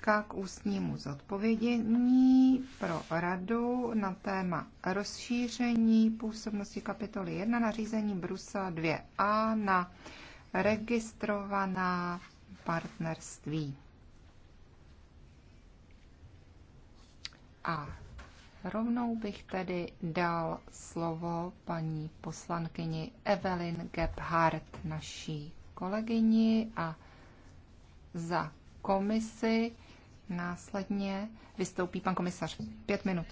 otázka k ústnímu zodpovědění pro radu na téma rozšíření působnosti kapitoly 1 řízení Brusel 2a na registrovaná partnerství. A rovnou bych tedy dal slovo paní poslankyni Evelyn Gebhardt, naší kolegyni a za komisi Následně vystoupí pan komisař. Pět minut.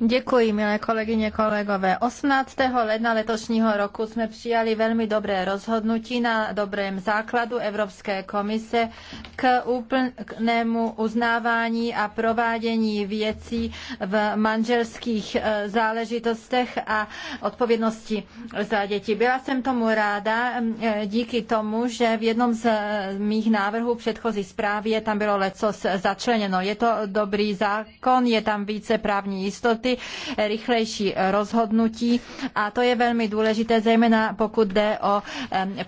Děkuji, milé kolegyně, kolegové. 18. ledna letošního roku jsme přijali velmi dobré rozhodnutí na dobrém základu Evropské komise k úplnému uznávání a provádění věcí v manželských eh, záležitostech a odpovědnosti za děti. Byla jsem tomu ráda mm, eh, díky tomu, že v jednom z eh, mých návrhů předchozí zprávy je tam bylo leco začleněno. Je to dobrý zákon, je tam více právní jistoty, rychlejší rozhodnutí a to je velmi důležité, zejména pokud jde o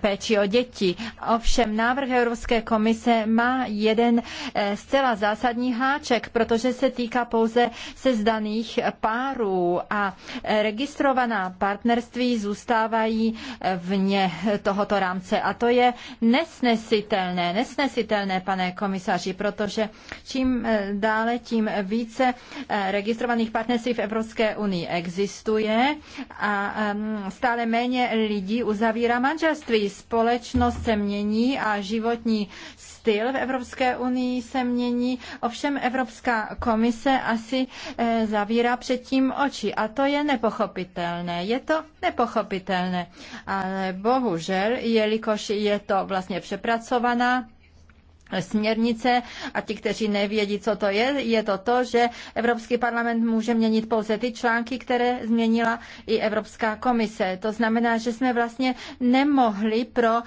péči o děti. Ovšem návrh Evropské komise má jeden e, zcela zásadní háček, protože se týká pouze sezdaných párů a registrovaná partnerství zůstávají e, vně tohoto rámce. A to je nesnesitelné, nesnesitelné, pane komisaři, protože Čím eh, dále, tím více eh, registrovaných partnerství v Evropské unii existuje a ehm, stále méně lidí uzavírá manželství. Společnost se mění a životní styl v Evropské unii se mění. Ovšem Evropská komise asi eh, zavírá předtím oči a to je nepochopitelné. Je to nepochopitelné. Ale bohužel, jelikož je to vlastně přepracovaná směrnice a ti, kteří nevědí, co to je, je to to, že Evropský parlament může měnit pouze ty články, které změnila i Evropská komise. To znamená, že jsme vlastně nemohli pro um,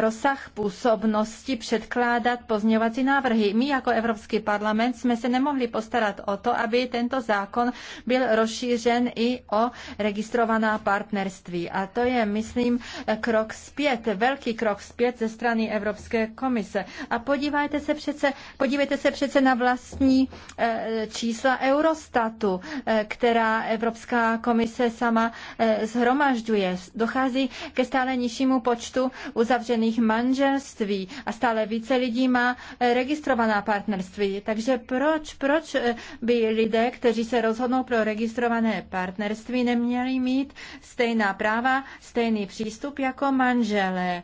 rozsah působnosti předkládat pozměňovací návrhy. My jako Evropský parlament jsme se nemohli postarat o to, aby tento zákon byl rozšířen i o registrovaná partnerství. A to je, myslím, krok zpět, velký krok zpět ze strany Evropské komise. A podívejte se přece, podívejte se přece na vlastní eh, čísla Eurostatu, eh, která Evropská komise sama eh, zhromažďuje. Dochází ke stále nižšímu počtu uzavřených manželství a stále více lidí má registrovaná partnerství. Takže proč, proč by lidé, kteří se rozhodnou pro registrované partnerství, neměli mít stejná práva, stejný přístup jako manželé?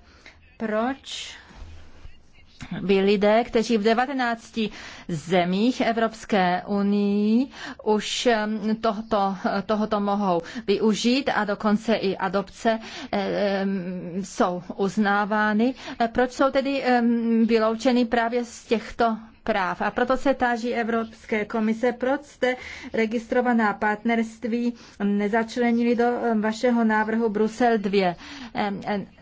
Proč? by lidé, kteří v 19 zemích Evropské unii už um, tohoto, tohoto mohou využít a dokonce i adopce eh, jsou uznávány. Proč jsou tedy vyloučeny právě z těchto práv. A proto se táží Evropské komise, proč jste registrovaná partnerství nezačlenili do vašeho návrhu Brusel 2.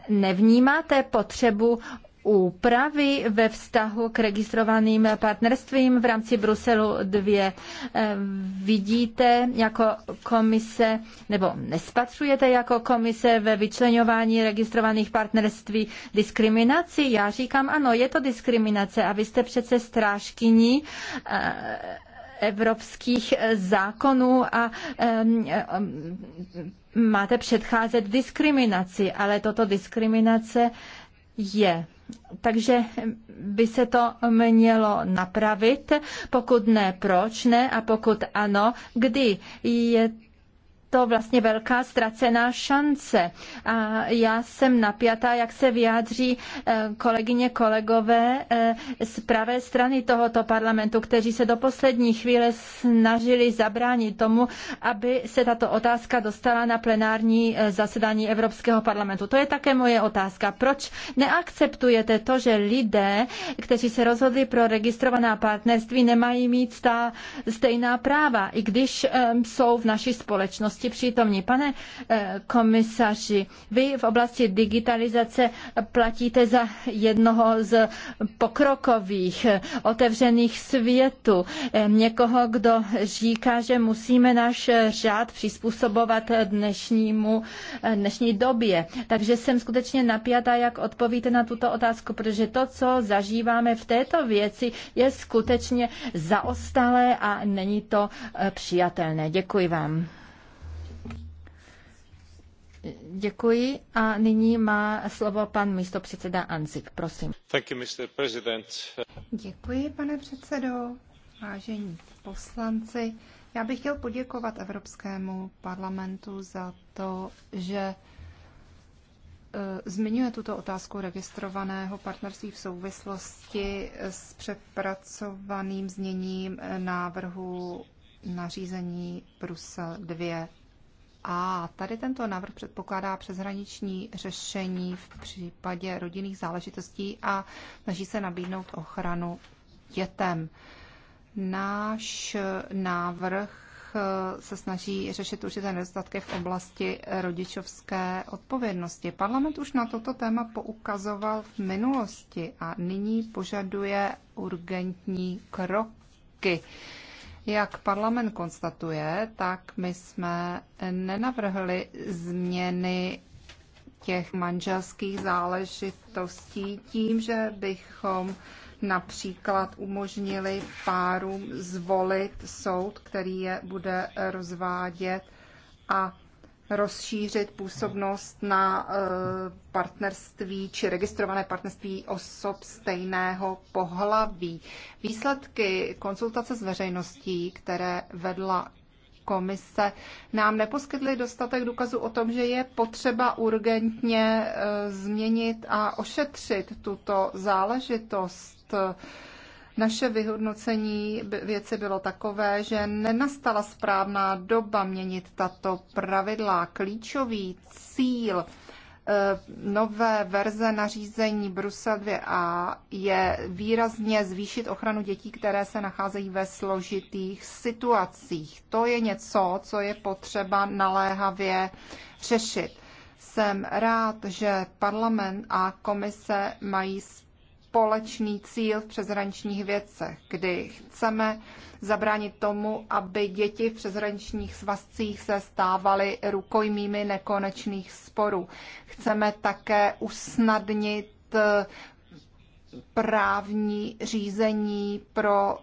Nevnímáte potřebu úpravy ve vztahu k registrovaným partnerstvím v rámci Bruselu 2. Eh, vidíte jako komise, nebo nespatřujete jako komise ve vyčlenování registrovaných partnerství diskriminaci? Já říkám ano, je to diskriminace a vy jste přece strážkyní eh, evropských zákonů a eh, máte předcházet diskriminaci, ale toto diskriminace je. Takže by se to mělo napravit, pokud ne, proč ne a pokud ano, kdy. Je to vlastně velká ztracená šance. A já jsem napjatá, jak se vyjádří eh, kolegyně, kolegové eh, z pravé strany tohoto parlamentu, kteří se do poslední chvíle snažili zabránit tomu, aby se tato otázka dostala na plenární eh, zasedání Evropského parlamentu. To je také moje otázka. Proč neakceptujete to, že lidé, kteří se rozhodli pro registrovaná partnerství, nemají mít ta stejná práva, i když jsou v naší společnosti veřejnosti přítomní. Pane eh, komisaři, vy v oblasti digitalizace platíte za jednoho z pokrokových, eh, otevřených světů. Eh, někoho, kdo říká, že musíme náš řád přizpůsobovat dnešnímu, dnešní době. Takže jsem skutečně napjatá, jak odpovíte na tuto otázku, protože to, co zažíváme v této věci, je skutečně zaostalé a není to přijatelné. Děkuji vám. Děkuji a nyní má slovo pan místopředseda Anzik, prosím. Thank you, Mr. President. Děkuji, pane předsedo, vážení poslanci. Já bych chtěl poděkovat Evropskému parlamentu za to, že e, zmiňuje tuto otázku registrovaného partnerství v souvislosti s přepracovaným zněním e, návrhu nařízení Brusel 2 a tady tento návrh předpokládá přeshraniční řešení v případě rodinných záležitostí a snaží se nabídnout ochranu dětem. Náš návrh eh, se snaží řešit určité nedostatky v oblasti rodičovské odpovědnosti. Parlament už na toto téma poukazoval v minulosti a nyní požaduje urgentní kroky. Jak parlament konstatuje, tak my jsme nenavrhli změny těch manželských záležitostí tím, že bychom například umožnili párům zvolit soud, který je bude rozvádět a rozšířit působnost na eh, partnerství či registrované partnerství osob stejného pohlaví. Výsledky konzultace s veřejností, které vedla komise, nám neposkytly dostatek důkazů o tom, že je potřeba urgentně eh, změnit a ošetřit tuto záležitost. Naše vyhodnocení věci bylo takové, že nenastala správná doba měnit tato pravidla. Klíčový cíl eh, nové verze nařízení Brusel 2a je výrazně zvýšit ochranu dětí, které se nacházejí ve složitých situacích. To je něco, co je potřeba naléhavě řešit. Jsem rád, že parlament a komise mají společný cíl v přezrančních věcech, kdy chceme zabránit tomu, aby děti v přezrančních svazcích se stávaly rukojmími nekonečných sporů. Chceme také usnadnit eh, právní řízení pro eh,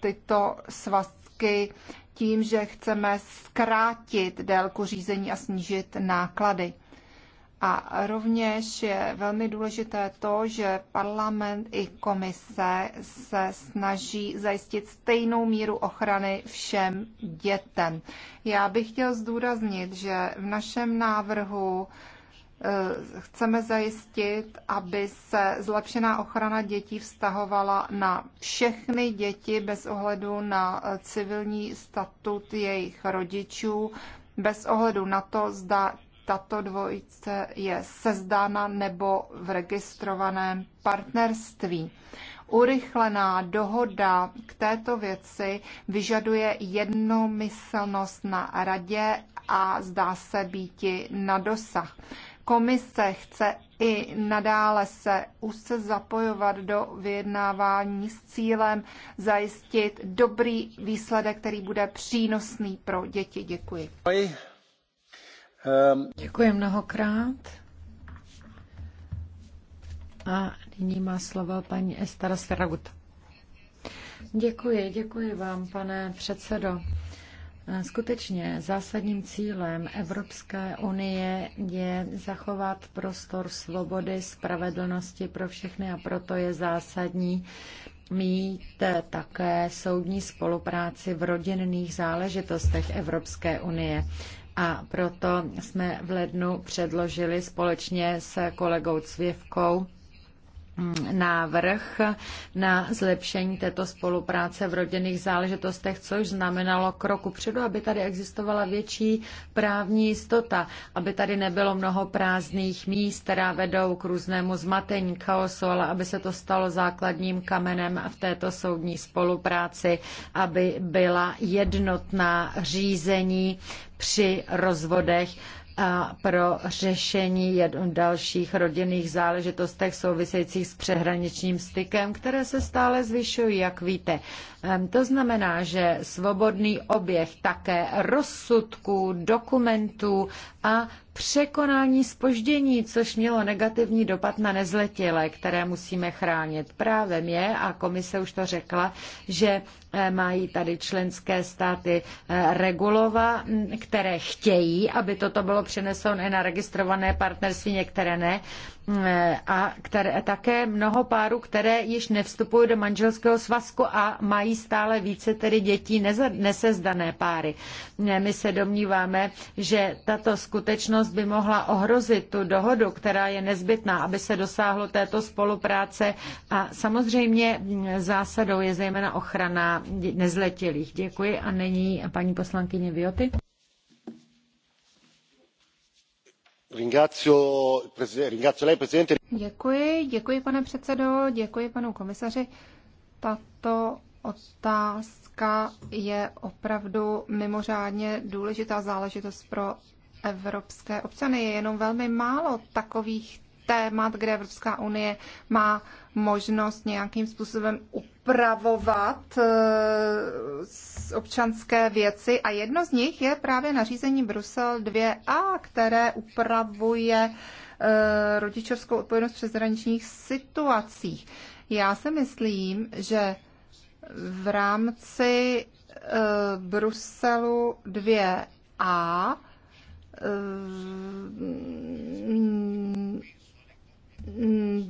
tyto svazky tím, že chceme zkrátit délku řízení a snížit náklady. A rovněž je velmi důležité to, že parlament i komise se snaží zajistit stejnou míru ochrany všem dětem. Já bych chtěl zdůraznit, že v našem návrhu eh, chceme zajistit, aby se zlepšená ochrana dětí vztahovala na všechny děti bez ohledu na eh, civilní statut jejich rodičů, bez ohledu na to, zda tato dvojice je sezdána nebo v registrovaném partnerství. Urychlená dohoda k této věci vyžaduje jednomyslnost na radě a zdá se býti na dosah. Komise chce i nadále se úzce zapojovat do vyjednávání s cílem zajistit dobrý výsledek, který bude přínosný pro děti. Děkuji. Um, děkuji mnohokrát. A nyní má slovo paní Estara Sferagut. Děkuji, děkuji vám, pane předsedo. Skutečně zásadním cílem Evropské unie je zachovat prostor svobody, spravedlnosti pro všechny a proto je zásadní mít také soudní spolupráci v rodinných záležitostech Evropské unie. A proto jsme v lednu předložili společně s kolegou Cvěvkou návrh na zlepšení této spolupráce v rodinných záležitostech, což znamenalo kroku předu, aby tady existovala větší právní jistota, aby tady nebylo mnoho prázdných míst, která vedou k různému zmatení, chaosu, ale aby se to stalo základním kamenem v této soudní spolupráci, aby byla jednotná řízení při rozvodech a pro řešení dalších rodinných záležitostech souvisejících s přehraničním stykem, které se stále zvyšují, jak víte. To znamená, že svobodný oběh také rozsudků, dokumentů a překonání spoždění, což mělo negativní dopad na nezletilé, které musíme chránit. Právem je, a komise už to řekla, že eh, mají tady členské státy eh, regulova, mm, které chtějí, aby toto bylo přeneseno i na registrované partnerství, některé ne a které, také mnoho párů, které již nevstupují do manželského svazku a mají stále více tedy dětí nesezdané páry. My se domníváme, že tato skutečnost by mohla ohrozit tu dohodu, která je nezbytná, aby se dosáhlo této spolupráce a samozřejmě zásadou je zejména ochrana nezletilých. Děkuji a není paní poslankyně Vioty. Děkuji, děkuji pane předsedo, děkuji panu komisaři. Tato otázka je opravdu mimořádně důležitá záležitost pro evropské občany. Je jenom velmi málo takových témat, kde Evropská unie má možnost nějakým způsobem uplatnit upravovat eh, občanské věci a jedno z nich je právě nařízení Brusel 2a, které upravuje eh, rodičovskou odpovědnost v přeshraničních situacích. Já si myslím, že v rámci eh, Bruselu 2a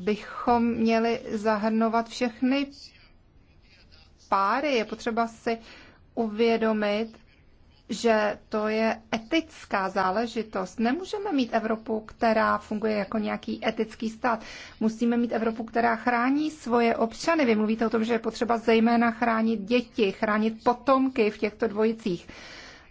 bychom měli zahrnovat všechny páry. Je potřeba si uvědomit, že to je etická záležitost. Nemůžeme mít Evropu, která funguje jako nějaký etický stát. Musíme mít Evropu, která chrání svoje občany. Vy mluvíte o tom, že je potřeba zejména chránit děti, chránit potomky v těchto dvojicích.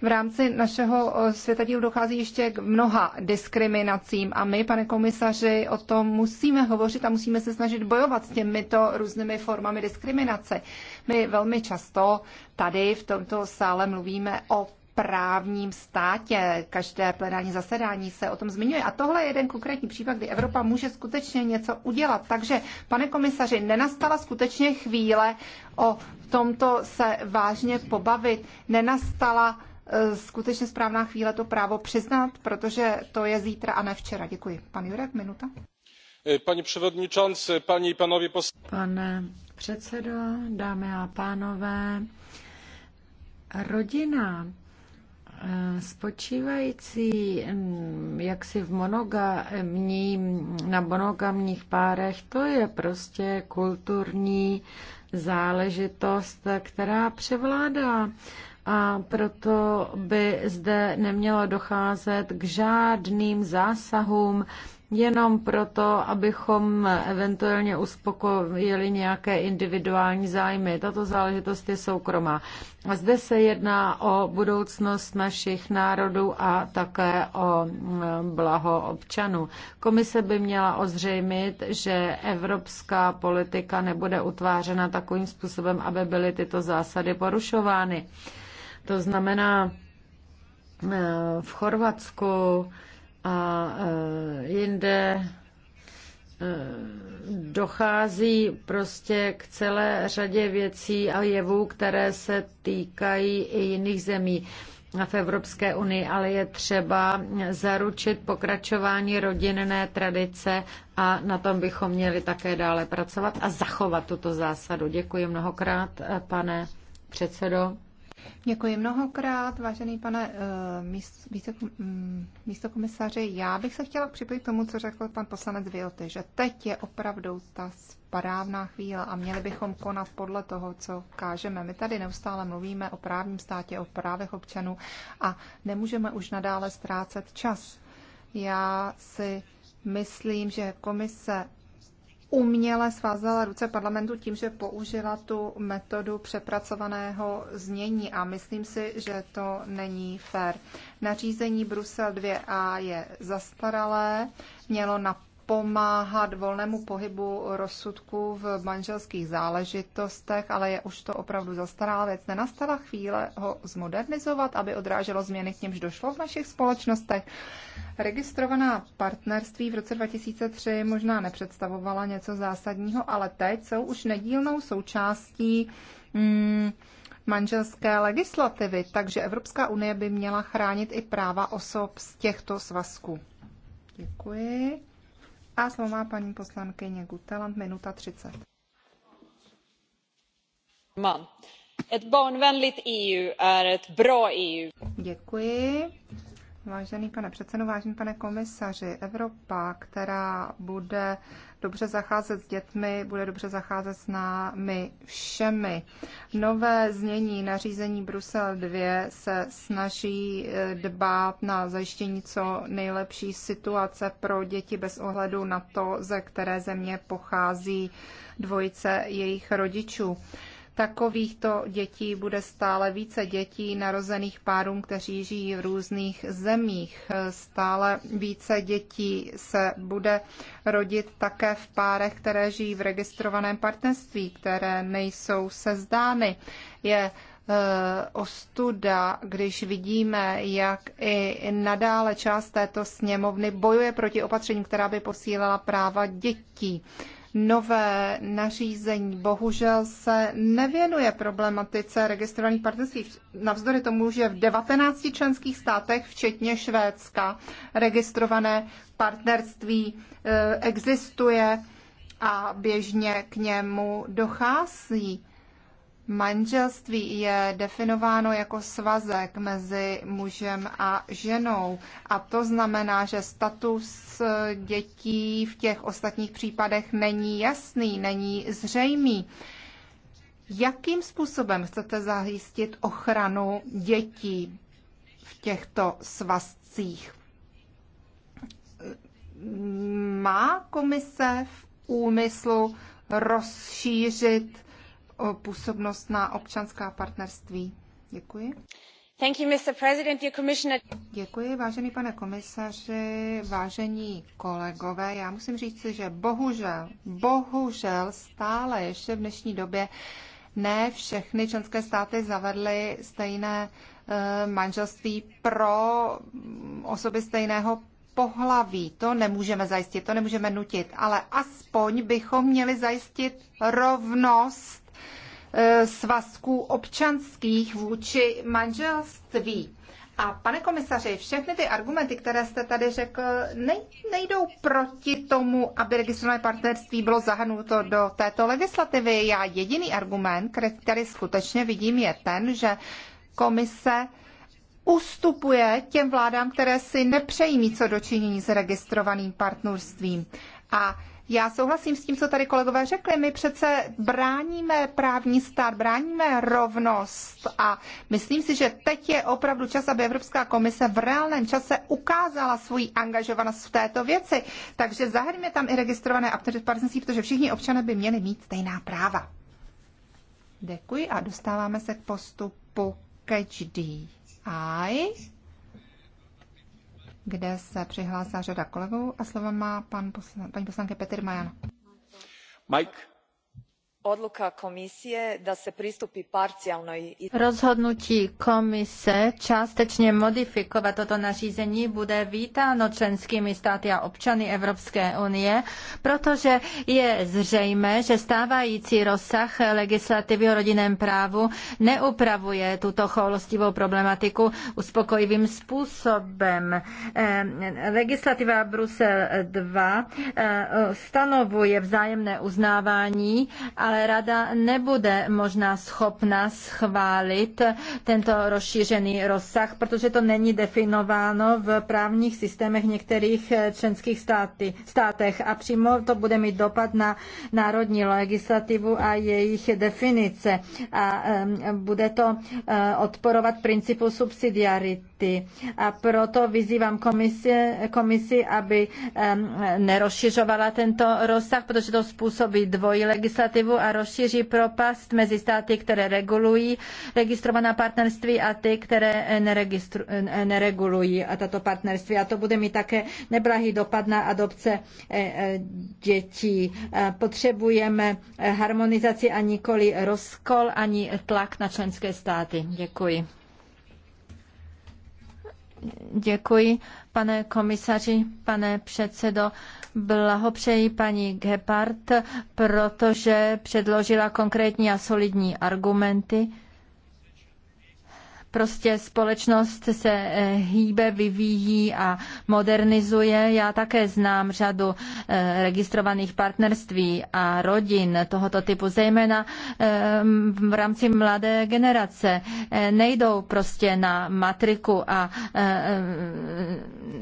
V rámci našeho eh, světadílu dochází ještě k mnoha diskriminacím a my, pane komisaři, o tom musíme hovořit a musíme se snažit bojovat s těmito různými formami diskriminace. My velmi často tady v tomto sále mluvíme o právním státě. Každé plenární zasedání se o tom zmiňuje. A tohle je jeden konkrétní případ, kdy Evropa může skutečně něco udělat. Takže, pane komisaři, nenastala skutečně chvíle o tomto se vážně pobavit. Nenastala Eh, skutečně správná chvíle to právo přiznat, protože to je zítra a ne včera. Děkuji. Pan Jurek, minuta. Pane eh, předsedající, paní panovi pos... Pane předsedo, dámy a pánové, rodina eh, spočívající mm, jaksi v monogamní, na monogamních párech, to je prostě kulturní záležitost, která převládá a proto by zde nemělo docházet k žádným zásahům, jenom proto, abychom eventuálně uspokojili nějaké individuální zájmy. Tato záležitost je soukromá. A zde se jedná o budoucnost našich národů a také o eh, blaho občanů. Komise by měla ozřejmit, že evropská politika nebude utvářena takovým způsobem, aby byly tyto zásady porušovány. To znamená, eh, v Chorvatsku a eh, jinde eh, dochází prostě k celé řadě věcí a jevů, které se týkají i jiných zemí v Evropské unii, ale je třeba zaručit pokračování rodinné tradice a na tom bychom měli také dále pracovat a zachovat tuto zásadu. Děkuji mnohokrát, pane předsedo. Děkuji mnohokrát, vážený pane uh, eh, místokomisaři. Mm, Já bych se chtěla připojit k tomu, co řekl pan poslanec Vilty, že teď je opravdu ta správná chvíle a měli bychom konat podle toho, co kážeme. My tady neustále mluvíme o právním státě, o právech občanů a nemůžeme už nadále ztrácet čas. Já si myslím, že komise uměle svázala ruce parlamentu tím, že použila tu metodu přepracovaného znění a myslím si, že to není fér. Nařízení Brusel 2a je zastaralé, mělo na pomáhat volnému pohybu rozsudku v manželských záležitostech, ale je už to opravdu zastará věc. Nenastala chvíle ho zmodernizovat, aby odráželo změny, k němž došlo v našich společnostech. Registrovaná partnerství v roce 2003 možná nepředstavovala něco zásadního, ale teď jsou už nedílnou součástí mm, manželské legislativy, takže Evropská unie by měla chránit i práva osob z těchto svazků. Děkuji. A slovo má paní poslankyně Guteland, minuta 30. Mám. Ett barnvänligt EU är ett bra EU. Děkuji. Vážený pane předsedo, vážený pane komisaři, Evropa, která bude dobře zacházet s dětmi, bude dobře zacházet s námi všemi. Nové znění nařízení Brusel 2 se snaží eh, dbát na zajištění co nejlepší situace pro děti bez ohledu na to, ze které země pochází dvojice jejich rodičů. Takovýchto dětí bude stále více dětí narozených párům, kteří žijí v různých zemích. Stále více dětí se bude rodit také v párech, které žijí v registrovaném partnerství, které nejsou sezdány. Je e, ostuda, když vidíme, jak i nadále část této sněmovny bojuje proti opatřením, která by posílala práva dětí nové nařízení bohužel se nevěnuje problematice registrovaných partnerství. Navzdory tomu, že v 19 členských státech, včetně Švédska, registrované partnerství e, existuje a běžně k němu dochází. Manželství je definováno jako svazek mezi mužem a ženou a to znamená, že status dětí v těch ostatních případech není jasný, není zřejmý. Jakým způsobem chcete zajistit ochranu dětí v těchto svazcích? Má komise v úmyslu rozšířit působnost na občanská partnerství. Děkuji. Thank you, Mr. President, dear Commissioner. Děkuji, vážený pane komisaři, vážení kolegové. Já musím říct, že bohužel, bohužel stále ještě v dnešní době ne všechny členské státy zavedly stejné eh, manželství pro mm, osoby stejného pohlaví. To nemůžeme zajistit, to nemůžeme nutit, ale aspoň bychom měli zajistit rovnost E, svazků občanských vůči manželství. A pane komisaři, všechny ty argumenty, které jste tady řekl, nejdou proti tomu, aby registrované partnerství bylo zahrnuto do této legislativy. Já jediný argument, který tady skutečně vidím, je ten, že komise ustupuje těm vládám, které si nepřejí mít co dočinění s registrovaným partnerstvím. A já souhlasím s tím, co tady kolegové řekli. My přece bráníme právní stát, bráníme rovnost a myslím si, že teď je opravdu čas, aby Evropská komise v reálném čase ukázala svoji angažovanost v této věci. Takže zahrňme tam i registrované updated partnerství, protože všichni občané by měli mít stejná práva. Děkuji a dostáváme se k postupu Catch eye kde se přihlásila řada kolegů a slovo má pan poslan, paní poslankyně Petr Majan. Mike. Rozhodnutí komise částečně modifikovat toto nařízení bude vítáno členskými státy a občany Evropské unie, protože je zřejmé, že stávající rozsah legislativy o rodinném právu neupravuje tuto choulostivou problematiku uspokojivým způsobem. Eh, legislativa Brusel 2 eh, stanovuje vzájemné uznávání, ale ale rada nebude možná schopna schválit tento rozšířený rozsah, protože to není definováno v právních systémech některých eh, členských státy, státech a přímo to bude mít dopad na národní legislativu a jejich definice a bude to eh, odporovat principu subsidiarity. A proto vyzývám komisi, komisi aby nerozšiřovala tento rozsah, protože to způsobí dvojí legislativu a a rozšíří propast mezi státy, které regulují registrovaná partnerství a ty, které neregulují a tato partnerství. A to bude mít také neblahý dopad na adopce e, e, dětí. E, potřebujeme harmonizaci a nikoli rozkol ani tlak na členské státy. Děkuji. Děkuji, pane komisaři, pane předsedo. Blahopřeji paní Gepard, protože předložila konkrétní a solidní argumenty. Prostě společnost se eh, hýbe, vyvíjí a modernizuje. Já také znám řadu eh, registrovaných partnerství a rodin tohoto typu, zejména eh, v rámci mladé generace. Nejdou prostě na matriku a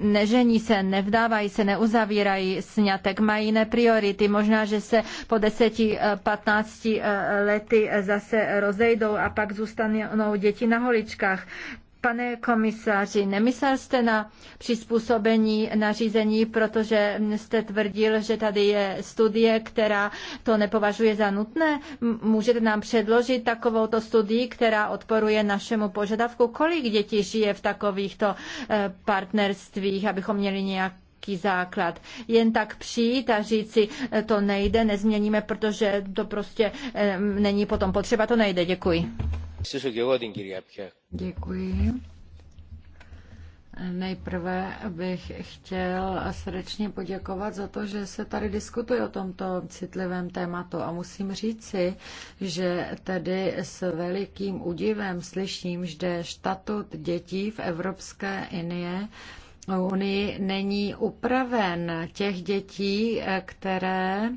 nežení se, nevdávají se, neuzavírají sňatek, mají jiné priority. Možná, že se po 10-15 lety zase rozejdou a pak zůstanou děti na holičkách otázkách. Pane komisáři, nemyslel jste na přizpůsobení nařízení, protože jste tvrdil, že tady je studie, která to nepovažuje za nutné. Můžete nám předložit takovouto studii, která odporuje našemu požadavku, kolik dětí žije v takovýchto eh, partnerstvích, abychom měli nějak nějaký základ. Jen tak přijít a říci, eh, to nejde, nezměníme, protože to prostě eh, není potom potřeba, to nejde. Děkuji. Děkuji. Nejprve bych chtěl srdečně poděkovat za to, že se tady diskutuje o tomto citlivém tématu a musím říci, že tedy s velikým udivem slyším, že štatut dětí v Evropské unii není upraven těch dětí, které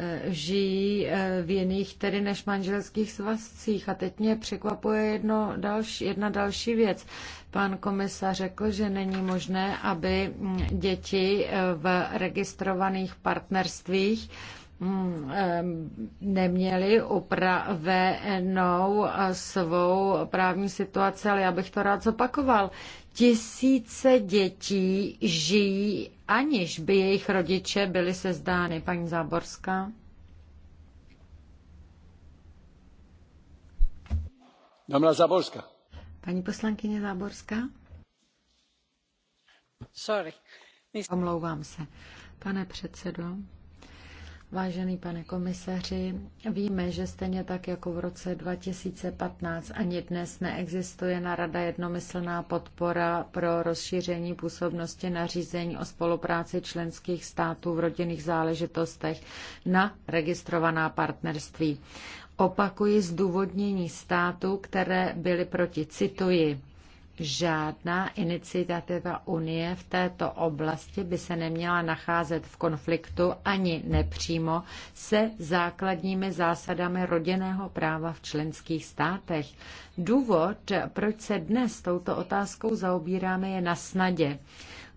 Eh, žijí eh, v jiných tedy než manželských svazcích. A teď mě překvapuje jedno další, jedna další věc. Pan komisař řekl, že není možné, aby mm, děti eh, v registrovaných partnerstvích Mm, neměli upravenou eh, svou právní situaci, ale já bych to rád zopakoval. Tisíce dětí žijí, aniž by jejich rodiče byli sezdány. Paní Záborská. Dámla Záborská. Paní poslankyně Záborská. Sorry. Omlouvám se. Pane předsedo, Vážený pane komisaři, víme, že stejně tak jako v roce 2015 ani dnes neexistuje na Rada jednomyslná podpora pro rozšíření působnosti nařízení o spolupráci členských států v rodinných záležitostech na registrovaná partnerství. Opakuji zdůvodnění států, které byly proti. Cituji žádná iniciativa Unie v této oblasti by se neměla nacházet v konfliktu ani nepřímo se základními zásadami rodinného práva v členských státech. Důvod, proč se dnes touto otázkou zaobíráme, je na snadě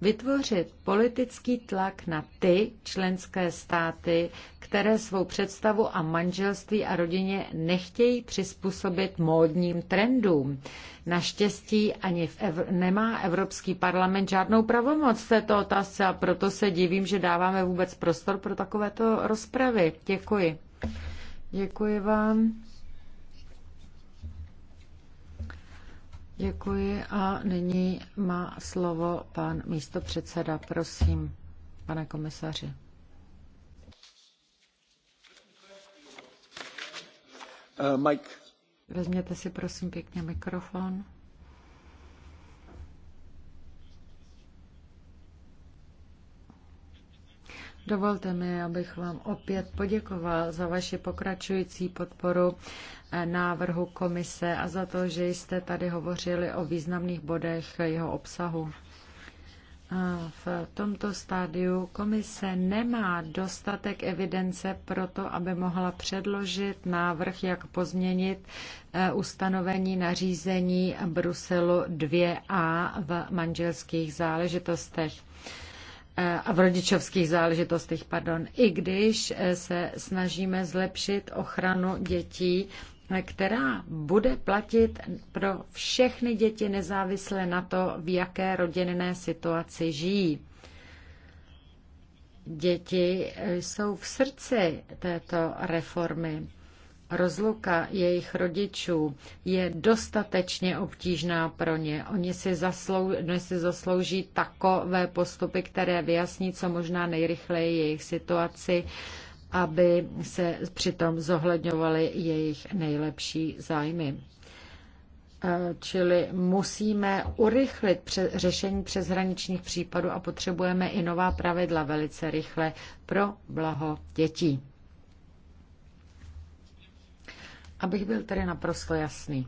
vytvořit politický tlak na ty členské státy, které svou představu a manželství a rodině nechtějí přizpůsobit módním trendům. Naštěstí ani v Ev- nemá Evropský parlament žádnou pravomoc v této otázce a proto se divím, že dáváme vůbec prostor pro takovéto rozpravy. Děkuji. Děkuji vám. Děkuji a nyní má slovo pan místopředseda. Prosím, pane komisaři. Uh, Mike. Vezměte si prosím pěkně mikrofon. Dovolte mi, abych vám opět poděkoval za vaši pokračující podporu eh, návrhu komise a za to, že jste tady hovořili o významných bodech jeho obsahu. V tomto stádiu komise nemá dostatek evidence pro to, aby mohla předložit návrh, jak pozměnit eh, ustanovení nařízení Bruselu 2a v manželských záležitostech a v rodičovských záležitostech, pardon, i když e, se snažíme zlepšit ochranu dětí, e, která bude platit pro všechny děti nezávisle na to, v jaké rodinné situaci žijí. Děti e, jsou v srdci této reformy Rozluka jejich rodičů je dostatečně obtížná pro ně. Oni si, zaslou, oni si zaslouží takové postupy, které vyjasní co možná nejrychleji jejich situaci, aby se přitom zohledňovaly jejich nejlepší zájmy. Eh, čili musíme urychlit pře- řešení přeshraničních případů a potřebujeme i nová pravidla velice rychle pro blaho dětí. Abych byl tedy naprosto jasný.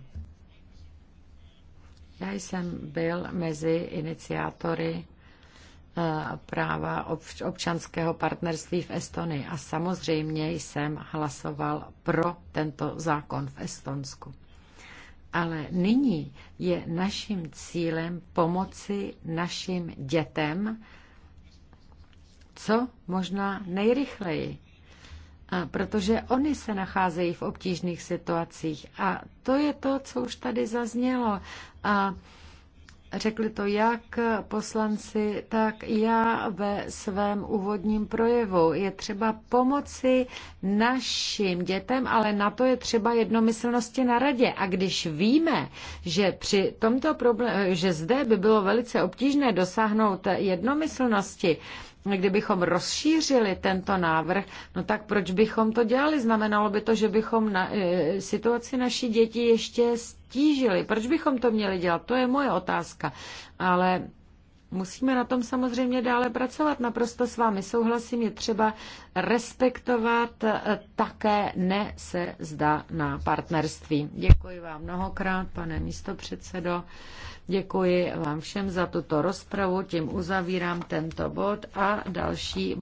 Já jsem byl mezi iniciátory eh, práva občanského partnerství v Estonii a samozřejmě jsem hlasoval pro tento zákon v Estonsku. Ale nyní je naším cílem pomoci našim dětem co možná nejrychleji protože oni se nacházejí v obtížných situacích. A to je to, co už tady zaznělo. A řekli to jak poslanci, tak já ve svém úvodním projevu. Je třeba pomoci našim dětem, ale na to je třeba jednomyslnosti na radě. A když víme, že, při tomto problém, že zde by bylo velice obtížné dosáhnout jednomyslnosti, kdybychom rozšířili tento návrh, no tak proč bychom to dělali? Znamenalo by to, že bychom na, e, situaci naší děti ještě stížili. Proč bychom to měli dělat? To je moje otázka. Ale musíme na tom samozřejmě dále pracovat. Naprosto s vámi souhlasím, je třeba respektovat e, také ne se zda na partnerství. Děkuji vám mnohokrát, pane místopředsedo. Děkuji vám všem za tuto rozpravu, tím uzavírám tento bod a další.